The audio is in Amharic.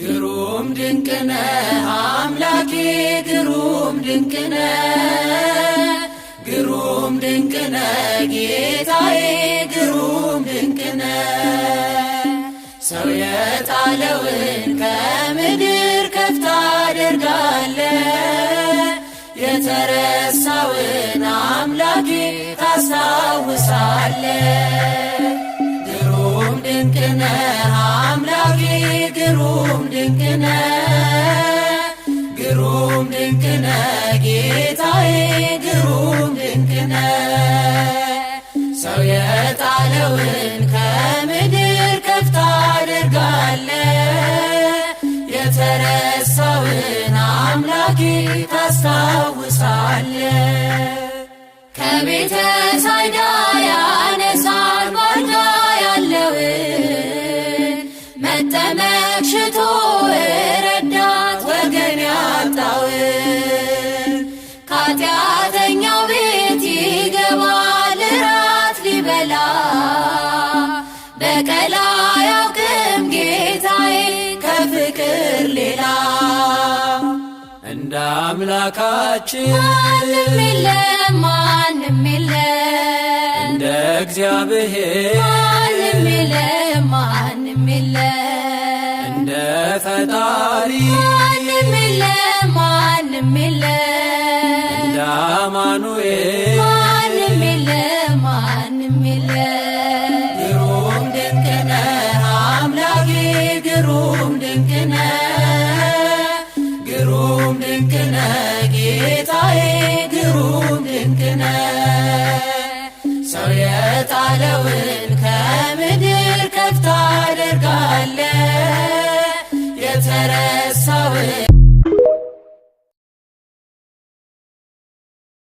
ግሩም ድንቅነ አምላኬ ግሩም ድንቅነ ግሩም ድንቅነ ጌታዬ ግሩም ድንቅነ ሰው የጣለውን ከምድር ከፍ ታደርጋለ የተረሳውን አምላኬ ታስታውሳለ ግሩም ድንቅነ አምላ ግሩም ድንቅነ ግሩም ድንቅነ ጌታዬ ግሩም ድንቅነ ሰው የጣለውን ከምድር ከፍ ታደርጋለ የተረሳውን አምላኪ ታስታውሳለ ከቤተ ሳይዳ ተመክሽቶ ረዳት ወገን ያጣው ከኃጢአተኛው ቤት ይገባል ራት ሊበላ በቀላ ያውቅም ጌታዬ ከፍቅር ሌላ እንደ አምላካችን ማንም የለም ማንም የለም እንደ እግዚአብሔር ፈጣሪ ማንም የለም ማንም የለም እንደ አማኑኤል ማንም የለም ማንም የለም ግሩም ድንቅ ነህ አምላኬ ግሩም ድንቅ ነህ ግሩም ድንቅ ነህ ጌታዬ ግሩም ድንቅ ነህ ሰው የጣለውን da da